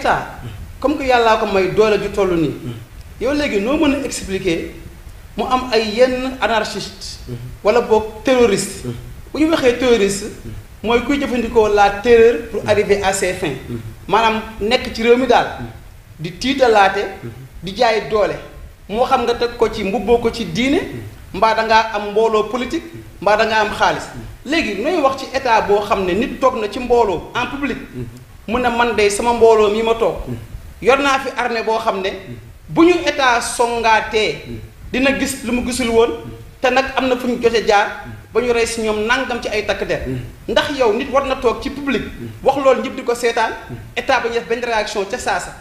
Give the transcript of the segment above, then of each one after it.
état comme que yàllaa ko may doole du toll nii yow léegi noo mën a expliquer mu am ay yenn anarchiste wala boog terroriste bu ñu waxee terroriste mooy kuy jëfandikoo la terreur pour arriver à ses fins maanaam nekk ci réew mi daal di tiitalaate di jaay doole moo xam nga teg ko ci mbubboo ko ci diine mbaa dangaa am mbooloo politique mbaa dangaa am xaalis léegi nooy wax ci état boo xam ne nit toog na ci mbooloo en public mu ne man de sama mbooloo mi ma toog hmm. yor naa fi armée boo xam ne hmm. bu ñu état songaatee hmm. dina gis lu mu gisul woon te nag am na fu ñu jote jaar ba ñu rey si ñoom nangam ci ay takk der ndax yow nit war na toog ci public wax loolu ñëpp di ko seetaan état ba ñu def benn réaction ca saasa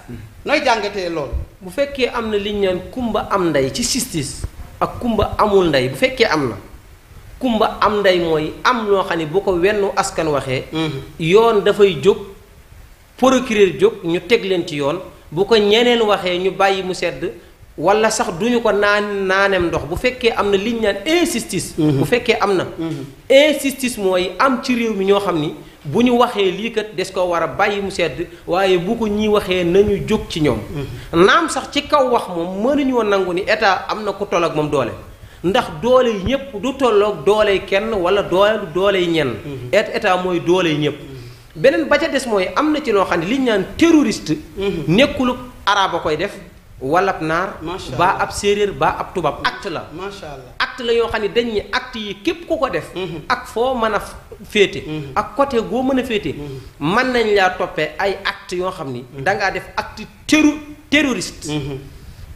nooy jàngatee loolu bu fekkee am na liñ ñu naan kumba am ndey ci sistis ak kumba amul ndey bu fekkee am na kumba am ndey mooy am loo xam ne bu ko wenn askan waxee yoon dafay jóg procureur jóg ñu teg leen ci yoon bu ko ñeneen waxee ñu bàyyi mu sedd wala sax duñu ko naan naanem ndox bu fekkee am na liñ naan injustice mhm. bu fekkee am na mhm. injustice mooy am ci réew mi ñoo xam ni bu ñu waxee lii kat des ko war a bàyyi mu sedd waaye bu ko ñi waxee nañu jóg ci ñoom mhm. naam sax ci kaw wax moom mënuñoo nangu ni état am na ku toll moom doole ndax doole yi ñëpp du tolloog dooley kenn wala doole doole yi ñenn état mooy doole yi ñëpp beneen ba ca des mooy am na ci loo xam ne liñ naan terroriste. Mhm. nekkul araab a koy def. wala ab naar. baa ab séeréer baa ab tubaab acte la. macha allah acte la yoo xam ne dañ ni act yi képp ku ko def. Mhm. ak foo mën a féete. Mhm. ak côté goo mën a féete. mën nañ laa toppee ay act yoo xam ni. da ngaa def acte teru terroriste.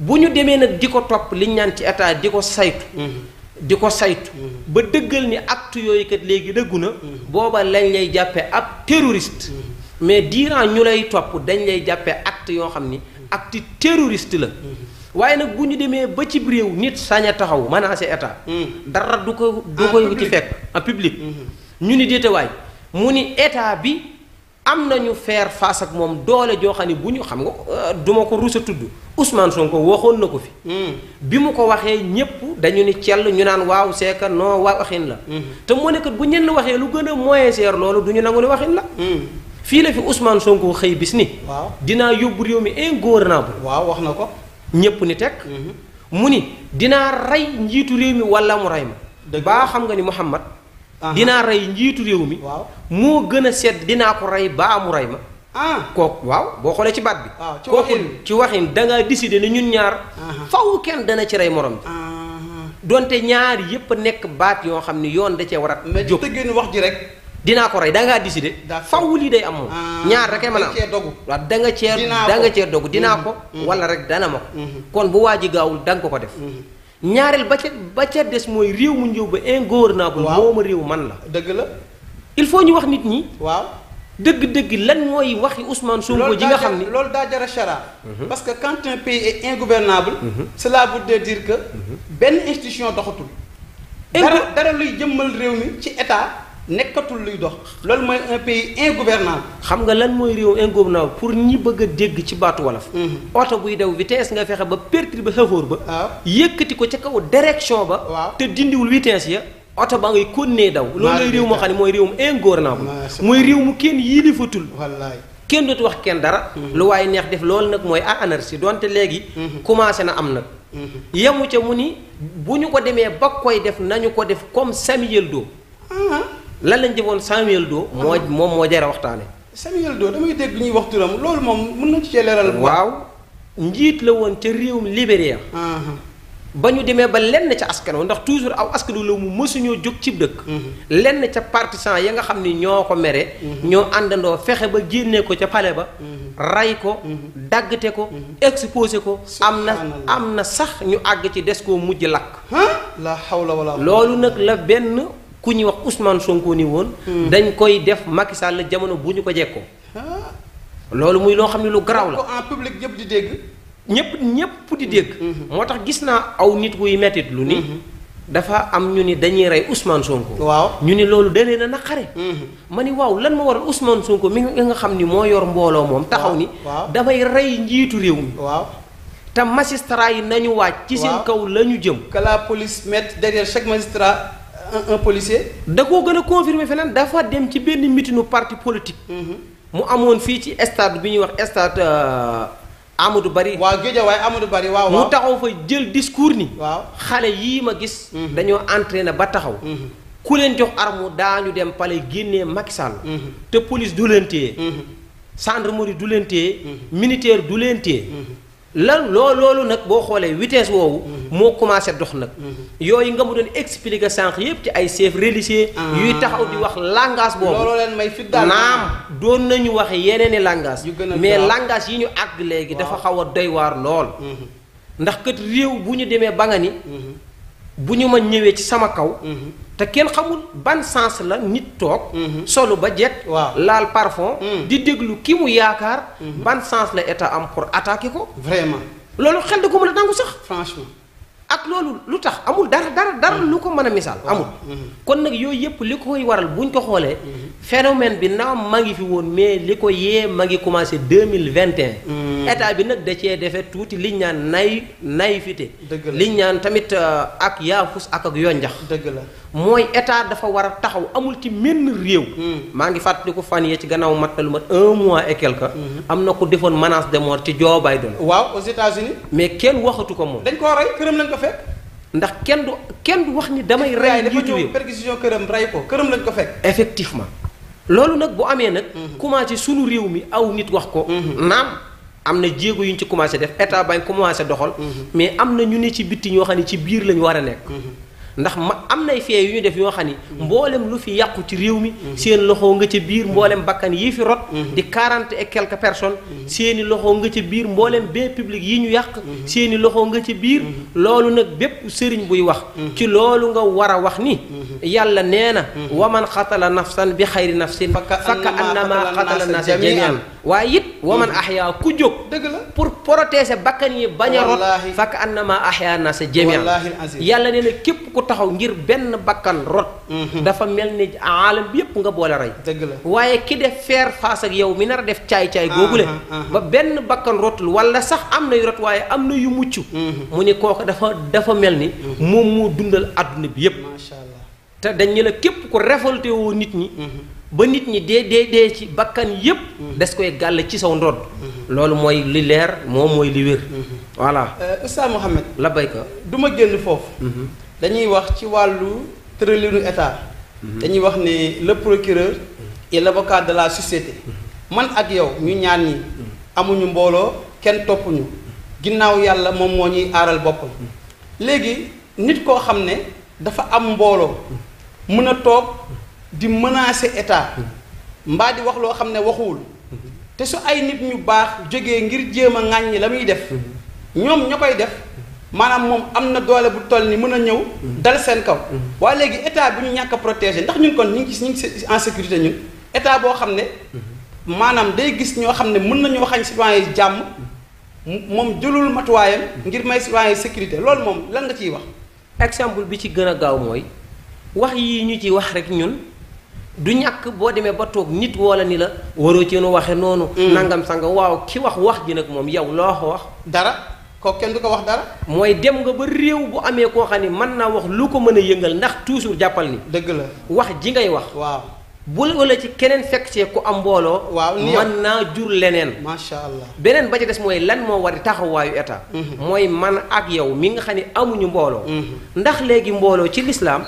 bu ñu demee nag di ko topp liñ naan ci état di ko saytu. di ko saytu ba dëggal ni acte yooyu kat léegi dëggu na booba lañ lay jàppe ab terroriste mais diiran ñu lay topp dañ lay jàppe acte yoo xam ni acte terroriste la waaye nag bu ñu demee ba ci réew nit sañ a taxaw menacer état dara du ko du ah, ko ci fekk en public mm-hmm. ñu ni déetawaay mu ni état bi am nañu faire fas ak moom doole joo xam ne bu ñu xam nga ko euh, duma ko rus a tudd Ousmane Sonko waxoon na ko fi. Hmm. bi mu ko waxee ñëpp dañu ni cell ñu naan waaw seeka que non waa waxin la. Hmm. te moo nekkat bu ñenn waxee lu gën a moyen seer loolu du ñu nangu ne waxin la. Hmm. fii la fi Ousmane Sonko xëy bis ni. waaw dinaa yóbbu réew mi ingouvernable. waaw wax na ko. ñëpp ni teg. mu ni dinaa rey njiitu réew mi wala mu rey ma. baa xam nga ni Mouhamad. dinaa rey njiitu réew mi. moo gën a sedd dinaa ko rey baa mu rey ma. ah kooku waaw boo xoolee ci baat bi. waaw ci waxin kooku ci waxin da ngaa décider ne ñun ñaar. faw kenn dana ci rey morom bi. donte ñaar yépp nekk baat yoo xam ni yoon da cee war a. jóg mais tëggeen wax ji rek. dinaa ko rey da ngaa décider. faw lii day am moom. Ah, ñaar rek mën a am waaw da nga cee. da nga cee dogu dinaa mhm. ko. wala rek dana ma ko. Mhm. kon bu waa ji gaawul da nga ko ko def. Mhm. ba ba des réew ingouvernable. il faut ñu wax nit ñi. waaw dëgg-dëgg lan mooy waxi Ousmane Sonko ni parce que quand un pays est ingouvernable. Mhm. cela veut dire que. Mhm. benn institution doxatul. dara luy nekkatul luy dox loolu mooy un pays ingouvernable xam nga lan mooy réew ingouvernable pour ñi bëgg a dégg ci baatu wolof mm-hmm. oto buy daw vitesse nga fexe ba ba chauffeur ba waaw yëkkati ko ca kaw direction ba waaw te dindiwul vitesse ya oto ba ngay konnee daw loolu lay réew moo xam ne mooy réewum ingouvernable mooy réew mu kenn yilifatul wallaay kenn dootu wax kenn dara. Mm-hmm. lu waaye neex def loolu nag mooy ah anarchie donte léegi. Mm-hmm. commencé na am nag. yemu ca mu ni bu ñu ko demee ba koy def nañu ko def comme Samuel Doe. lan lañ jëfoon Samuel Doe. moo moom moo jar a waxtaane Samuel Doe damay dégg ñuy wax turam loolu moom mën na ci leeral. waaw njiit la woon ca réewum Libéria. ba ñu demee ba lenn ca askan wa ndax toujours aw askan wu la mu mësuñoo jóg cib dëkk. Mhm. lenn ca partisan ya nga xam ni ñoo ko mere. Mhm. ñoo àndandoo fexe ba génnee ko ca palais ba. Mhm. ray ko daggate ko. exposé ko am na am na sax ñu àgg ci des koo mujj lakk. la hawla loolu nag la benn. ku ñuy wax Ousmane Sonko ni woon. Hmm. dañ koy def Macky Sall la jamono bu ñu ko jekkoo. Ah. loolu muy loo xam ne lu garaaw la en public ñëpp di dégg. ñëpp ñëpp di dégg. Hmm. moo tax gis naa aw nit wuy mettit lu ni. Hmm. dafa am ñu ni dañuy rey Ousmane Sonko. waaw ñu ni loolu dalee na naqare. ma ni waaw lan ma waral Ousmane Sonko mi nga xam ni moo yor mbooloo moom. taxaw ni damay rey njiitu réew mi. waaw te magistrat yi nañu wàcc. ci seen kaw la ñu jëm. que la police mette derrière chaque un un policier. da koo gën a confirmer feneen dafa dem ci benn mitinu parti politique. Mhm. mu amoon fii ci stade bi ñuy wax stade euh, Amadou Bari. waaw Guédiawaye Amadou Bari waaw mu taxaw fa jël discours ni. waaw xale yii ma gis. Mhm. dañoo na ba taxaw. Mhm. ku leen jox daa daañu dem pale génnee Macky Sall. te police du leen téye. gendarmerie du leen téye. militaire du leen téye. lan loo loolu nag boo xoolee witees woowu. Mhm. moo commencé dox nag. Mhm. yooyu nga mu doon expliquer sànq yëpp ci ay chefs religieux. Ah. yuy taxaw di wax langage boobu. looloo leen may fit daal naam doon nañu wax yeneen i langage mais langage yi ñu àgg léegi dafa xaw a doy waar lool. Mhm. ndax kat réew bu ñu demee ba nga ni. bu ñu ma ñëwee ci sama kaw. Mhm. te kenn xamul ban sens la nit toog. Mhm. solo ba jekk. waaw laal parfum. Mhm. di déglu kii mu yaakaar. ban sens la état am pour attaquer ko. vraiment loolu xel da ko mën a nangu sax. franchement. ak loolu lu tax amul dara dara dara mm-hmm. lu ko mën a misaal amul mm-hmm. kon nag yooyu yëpp li koy waral buñ ko xoolee mm-hmm. phénomène bi naam maa ngi fi woon mais li ko yee ma ngi commencé deux mille vingt et un bi nag da cee defee tuuti liñ ñaan nay nay fite liñ ñaan tamit euh, ak yaafus ak ak dëgg la mooy état dafa war a taxaw amul ci menn réew maa ngi fàttaliku fan yee ci gannaaw mat na lu mat un mois et quelque am na ko defoon menace de mort ci Joe Biden waaw aux États-Unis mais kenn waxatu ko moom fekk. ndax kenn du kenn du wax ni damay. rey njiitu réew perquisition këram rey ko këram lañ ko fekk. effectivement loolu nag bu amee nag. Mhm. commencé sunu réew mi aw nit wax ko. Mhm. naam am na jéego yu ñu ci commencé def état bañ commencé doxal. Mhm. mais am na ñu ni ci bitti ñoo xam ne ci biir lañ war a nekk. ndax ma am nay fee yu ñu def yoo xam ni mbooleem lu fi yàqu ci réew mi seen loxoo nga ca biir mbooleem bakkan yii fi di quarante et quelques personnes seen loxo nga ca biir mboolem bee public yi ñu yàq seeni loxoo nga ci biir loolu nag bépp sëriñ buy wax ci loolu nga war a wax ni yàlla nee na wa man xatala nafsan bi xayri nafsin fakka annama xatala nasa jamian waaye it wa man ahyaa ku jóg dëgg pour protéger bakkan yi bañ a rot fakka annama ahyaa nasa jamian yàlla nee képp ku taxaw ngir benn bakkan rot mhm. dafa mel ni aalam bi yëpp nga boole rey dëgg la waaye ki def faire face ak yow mi nar a def caay-caay googule mhm, mhm. ba benn bakkan rotul wala sax am na yu rot waaye am na yu mucc mu ni kooku dafa dafa mel ni moom moo dundal àdduna bi yëpp macha te dañu la képp ko révolté woo nit ñi ba nit ñi dee dee dee ci bakkan yëpp des koy gàll ci saw ndodd loolu mooy li leer moom mooy li wér voilà euh, Oustaz Mouhamed la bayka duma ma génn foofu dañuy wax ci wàllu tëralinu état. Mhm. dañuy wax ne le procureur et l' avocat de la société. Mhm. man ak yow ñu ñaan ñi mhm. amuñu mbooloo kenn toppuñu ginnaaw yàlla moom moo ñuy aaral boppam. léegi nit koo xam ne dafa am mbooloo mën a toog di menacer état mbaa di wax loo xam ne waxuwul te su ay nit ñu baax jóge ngir jéem a ŋàññi la muy def ñoom ña koy def. maanaam moom am na doole bu toll ni mën a ñëw dal seen kaw waaye léegi état bi ñu ñàkk protégé ndax ñun kon ñu gis ñu ngi en sécurité ñun état boo xam ne maanaam day gis ñoo xam ne mën nañoo xañ citoyen yi jàmm moom jëlul matuwaayam ngir may citoyen yi sécurité loolu moom lan nga ciy wax exemple bi ci gën a gaaw mooy wax yi ñu ci wax rek ñun du ñàkk boo demee ba toog nit wala ni la waroo ci nu waxe noonu mm. nangam sanga waaw ki wax wax ji nag moom yow loo wax dara kooku kenn du ko wax dara. mooy dem nga ba réew bu amee koo xam ni mën naa wax lu ko mën a yëngal ndax toujours jàppal ni. dëgg la wax ji ngay wax. waaw bul wala ci keneen fekk see ku am mbooloo. waaw mën naa jur leneen. macha allah beneen ba ci des mooy lan moo war taxawaayu état. Mhm. mooy man ak yow mi nga xam ne amuñu mbooloo. Mhm. ndax léegi mbooloo ci lislaam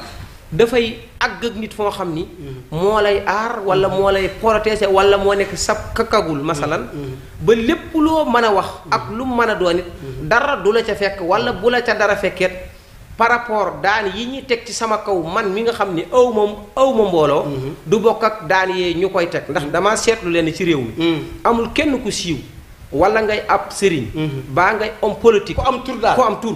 dafay àgg ak nit foo xam ni. Mm-hmm. moo lay aar wala mm-hmm. moo lay protéger wala moo nekk sab kakagul masalan. Mm-hmm. ba lépp loo mën a wax. ak lu mën a doon it. dara du la ca fekk wala bu la ca dara fekkeet par rapport daan yi ñu teg ci sama kaw man mi nga xam ni aw ma aw ma mbooloo. du bokk ak daan yee ñu koy teg ndax dama seetlu leen ci réew mi. amul kenn ku siiw wala ngay ab sëriñ. baa ngay homme politique. ku am tur daal ku am tur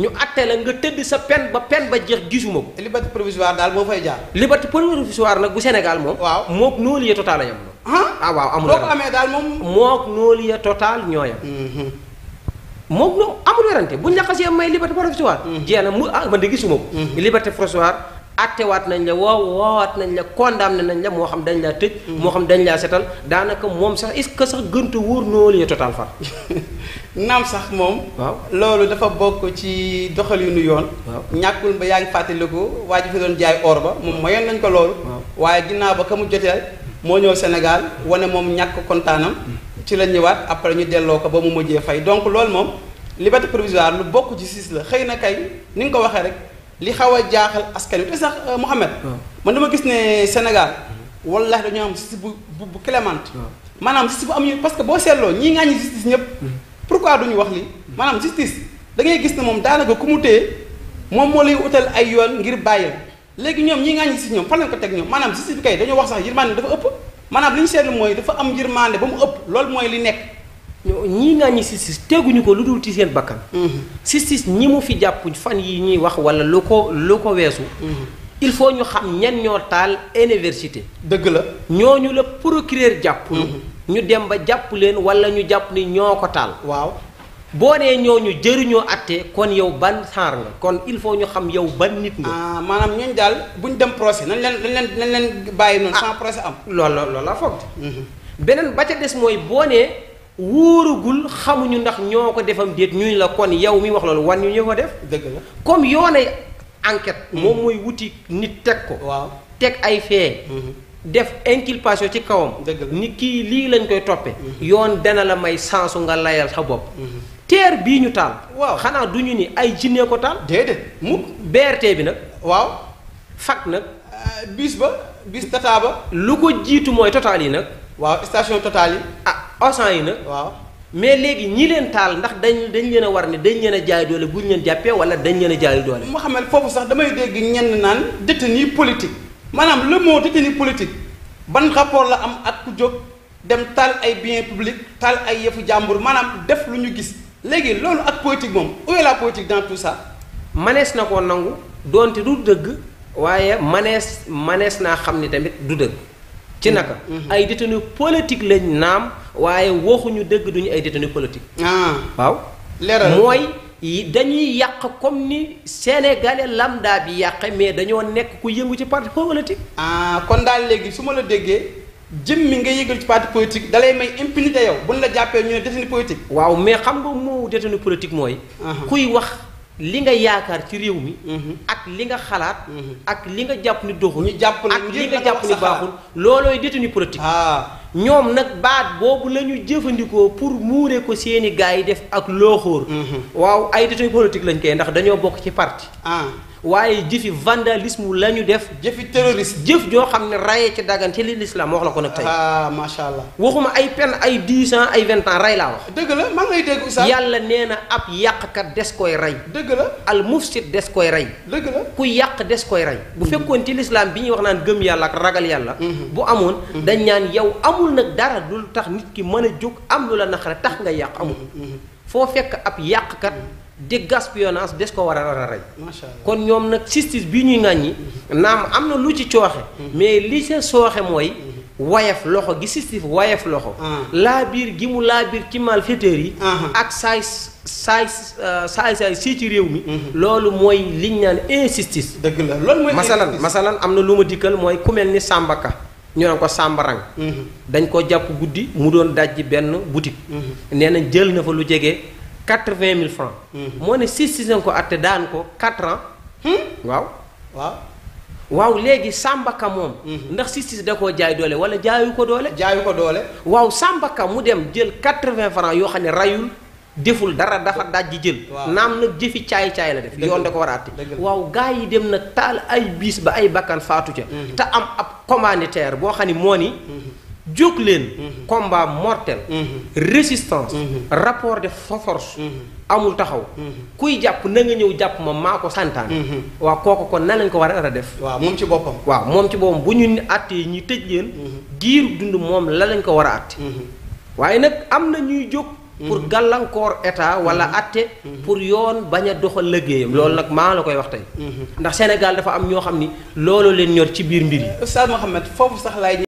ñu àtte la nga tëdd sa pen ba pen ba jeex gisuma ko. liberté provisoire daal boo fay jaar. liberté provisoire nag bu Sénégal moom. moo mook noo lieu total la yem. ah waaw amul dara boo ko amee daal moom. mook noo lieu total ñoo yem. Mhm. moom ñoom amul werante buñ la xasee may liberté provisoire. Mhm. jeex na mu ah man de gisuma ko. Mhm. liberté provisoire attewaat nañ la woo woowaat nañ la condamné nañ la moo xam dañ laa tëj. moo xam dañ laa setal daanaka moom sax est-ce que sax gënta wóor noo lieu total far. naam sax moom. loolu dafa bokk ci doxalinu yoon. waaw ñàkkul ba yaa ngi fàttaliku waa ji fi doon jaay or ba moom mayoon nañ ko loolu. waaye ginnaaw ba ka mu joteel moo ñëw senegal wane moom ñàkk kontaanam. Mm. ci la ñëwaat après ñu delloo ko ba mu mujjee fay donc loolu moom liberté provisoire lu bokk ci siis la xëy na kay ni nga ko waxee rek li xaw a jaaxal askan wi te sax euh, Mouhamed. man dama gis ne Sénégal. wallahi dañoo am siis bu bu bu clément. maanaam siis bu am ñu parce que boo seetloo ñii ngaa ñu justice ñëpp. Mm. pour pourquoi duñu wax li maanaam justice da ngay gis ne moom daanaka ku mu téye moom moo lay utal ay yoon ngir bàyyi léegi ñoom ñi ngaañi si ñoom fan lañ ko teg ñoom maanaam justice bi kay dañoo wax sax yërmande dafa ëpp maanaam li ñu seetlu mooy dafa am yërmande ba mu ëpp loolu mooy li nekk ñoo ñii ngaa ñi justice teguñu ko lu dul ci seen bakkan mhm. justice ñi mu fi jàpp fan yi ñuy wax wala lu ko lu ko weesu mhm. il faut ñu xam ñan ñoo taal université dëgg la ñooñu la procureur jàpp mhm. ñu dem ba jàpp leen wala ñu jàpp ni ñoo ko taal. waaw boo nee ñu jëriñoo atte kon yow ban xaar nga kon il faut ñu xam yow ban nit nga. ah maanaam ñooñu daal bu ñu dem procès nañ leen nañ leen nañ leen bàyyi noonu. Ah. sans procès am lool la loolu la foog. Mhm. beneen ba ca des mooy boo nee wóorugul xamuñu ndax ñoo ko defam déet ñuy la kon yow mi wax loolu wan ñu ñu ko def. dëgg la comme yoonay enquête. Mhm. moom mooy wuti nit teg ko. waaw teg ay fee. def inculpation ci kawam. ni kii lii lañ koy toppee. Mhm. yoon dana la may sansu nga layal sa bopp. Mhm. teer bii ñu taal. waaw xanaa duñu ñu ni ay jinne ko taal. déedéet mu BRT bi nag. waaw fak nag. Euh, bis ba biis tata ba. lu ko jiitu mooy total yi nag. waaw station total yi. ah Auchan yi nag. waaw mais léegi ñi leen taal ndax dañ dañ leen war ne dañ leen a jaay doole buñ leen jàppee wala dañ leen a jaay doole. mu xamal foofu sax damay dégg ñenn naan détenu politique. maanaam le mot détenu politique ban rapport la am ak ku jóg dem taal ay biens publics taal ay yëfu jàmbur maanaam def lu ñu gis léegi loolu ak politique moom où est la politique dans manees na ko nangu doonte du dëgg waaye manees manees naa xam ni tamit du dëgg. ci naka. Mhm. ay détenu politique lañ naam waaye waxuñu dëgg duñu ay détenu politique. Ah. waaw leeral mooy. dañuy yàq comme ni sénégalais lambda bi yàqe mais dañoo nekk ku yëngu ci parti politique. ah kon daal léegi su ma la déggee jëm mi nga yëgal ci parti politique dalay may impunité yow buñ la jàppee ñu ne détenu politique. waaw mais xam nga moo détenu politique mooy. Ah. kuy wax li nga yaakaar ci réew mi. Mhm. ak li nga xalaat. Mhm. ak li nga jàpp ni doxul. ñu jàpp ak li nga jàpp ni baaxul loolooy détenu politique. Ah. ñoom nag baat boobu la ñu jëfandikoo pour muure ko seeni gars yi def ak looxóor mhm. waaw ay détenu politique lañ koy ndax dañoo bokk ci parti ah. waaye jëfi vandalisme la ñu def. jëfi terroriste. jëf joo xam ne raye ci dagan ci li lislaam wax la ko nag tey. ah macha waxuma ay pen ay dix ans ay vingt ans rey laa wax. dëgg la maa ngi lay dégg Oustaz. yàlla nee na ab kat des koy rey. dëgg la al mufsid des koy rey. dëgg la ku yàq des koy rey. bu mhm. fekkoon ci lislaam bi ñuy wax naan gëm yàlla ak ragal yàlla. Mhm. bu amoon dañ ñaan yow am. amul nag dara dul tax nit ki mën a jóg am lu la naqare tax nga yàq amul mm-hmm, mm-hmm. foo fekk ab yàqkat mm-hmm. de gaspionnage des ko war a war a rey kon ñoom nag justice bi ñuy ŋàññi naam am na lu ci cooxe mais li sa sooxe mooy wayaf loxo gi justice wayaf loxo ah. laa biir gi mu laa biir ci malfaiteurs yi ah. ak saay saay euh, saay saay sii ci réew mi loolu mooy liñ naan injustice dëgg la loolu mooy masalan masalan am na lu ma dikkal mooy ku mel ni Samba Ka ñu naan ko sàmbarang mhm. dañ ko jàpp guddi mu doon daj benn boutique mhm. nee na jël na fa lu jege quatre-vingt mille francs mhm. moo ne siis sisan ko atte daan ko quatre ans hmm? waaw waaw waaw léegi sàmbaka moom ndax siis siis da koo jaay doole wala jaayu ko doole jaayu ko doole waaw sàmbaka mu dem jël quatre vingt francs yoo xam ne rayul deful dara dafa dajji jël naam nag jëfi caay-caay la def yoon da ko war a àtte waaw gaa yi dem nag taal ay biis ba ay bakkan faatu ca mm-hmm. te am ab commanditaire boo xam ni moo ni mm-hmm. jóg leen mm-hmm. combat mortel résistance rapport de force amul taxaw kuy jàpp na nga ñëw jàpp ma maa ko santaan waaw kooku kon na lañ ko war a def waaw moom ci boppam waaw moom ci boppam bu ñu àttee ñu tëj leen giiru dund moom la lañ ko war a àtte waaye nag am na ñuy jóg pour mhm. gàllankoor état wala mhm. atte mhm. pour yoon bañ a doxal liggéeyam loolu nag maa la koy wax tey ndax Sénégal dafa am ñoo xam ni loolu leen ñor ci biir mbir yi Oustaz